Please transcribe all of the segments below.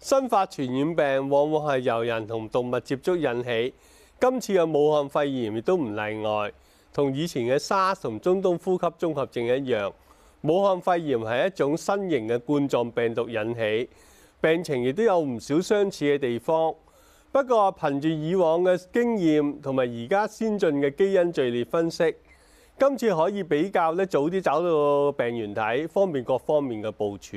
新發傳染病往往係由人同動物接觸引起，今次嘅武漢肺炎亦都唔例外，同以前嘅沙士同中東呼吸綜合症一樣。武漢肺炎係一種新型嘅冠狀病毒引起，病情亦都有唔少相似嘅地方。不過憑住以往嘅經驗同埋而家先進嘅基因序列分析，今次可以比較咧早啲找到病原體，方便各方面嘅部署。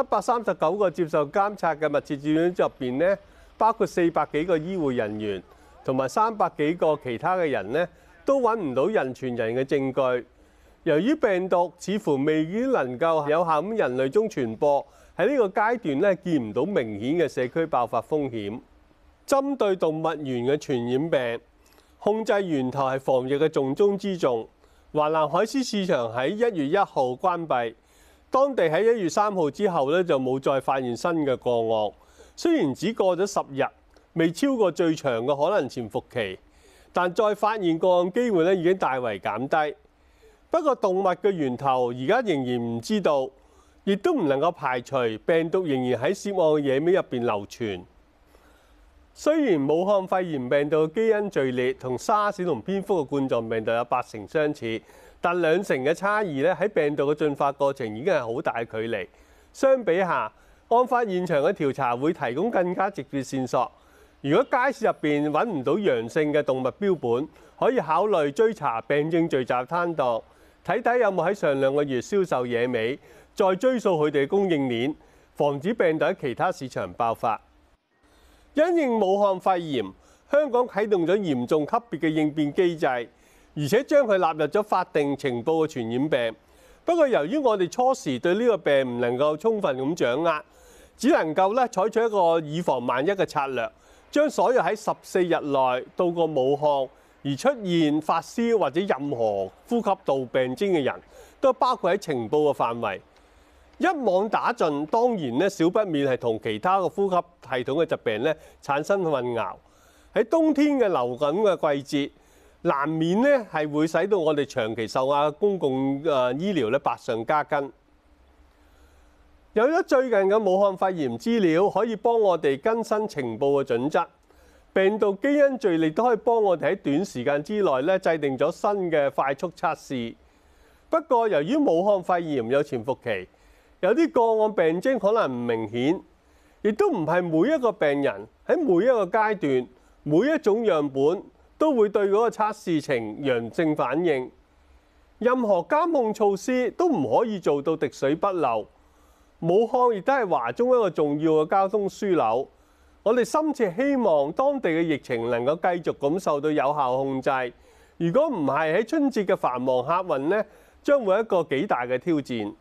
七百三十九個接受監察嘅密切接觸者入邊咧，包括四百幾個醫護人員同埋三百幾個其他嘅人咧，都揾唔到人傳人嘅證據。由於病毒似乎未於能夠有效咁人類中傳播，喺呢個階段咧，見唔到明顯嘅社區爆發風險。針對動物源嘅傳染病，控制源頭係防疫嘅重中之重。華南海鮮市場喺一月一號關閉。當地喺一月三號之後咧就冇再發現新嘅個案，雖然只過咗十日，未超過最長嘅可能潛伏期，但再發現個案機會咧已經大為減低。不過動物嘅源頭而家仍然唔知道，亦都唔能夠排除病毒仍然喺涉案嘅野味入邊流傳。雖然武漢肺炎病毒基因序列同沙士同蝙蝠嘅冠狀病毒有八成相似。但兩成嘅差異咧，喺病毒嘅進化過程已經係好大距離。相比下，案發現場嘅調查會提供更加直接線索。如果街市入邊揾唔到陽性嘅動物標本，可以考慮追查病症聚集攤檔，睇睇有冇喺上兩個月銷售野味，再追溯佢哋嘅供應鏈，防止病毒喺其他市場爆發。因應武漢肺炎，香港啟動咗嚴重級別嘅應變機制。而且將佢納入咗法定呈報嘅傳染病。不過由於我哋初時對呢個病唔能夠充分咁掌握，只能夠咧採取一個以防萬一嘅策略，將所有喺十四日內到過武漢而出現發燒或者任何呼吸道病徵嘅人都包括喺呈報嘅範圍，一網打盡。當然咧，少不免係同其他嘅呼吸系統嘅疾病咧產生混淆。喺冬天嘅流感嘅季節，難免咧係會使到我哋長期受壓嘅公共誒醫療咧百上加斤。有咗最近嘅武漢肺炎資料，可以幫我哋更新情報嘅準則。病毒基因序列都可以幫我哋喺短時間之內咧制定咗新嘅快速測試。不過由於武漢肺炎有潛伏期，有啲個案病徵可能唔明顯，亦都唔係每一個病人喺每一個階段、每一種樣本。都會對嗰個測試情陽性反應，任何監控措施都唔可以做到滴水不漏。武漢亦都係華中一個重要嘅交通樞紐，我哋深切希望當地嘅疫情能夠繼續咁受到有效控制。如果唔係喺春節嘅繁忙客運呢，將會一個幾大嘅挑戰。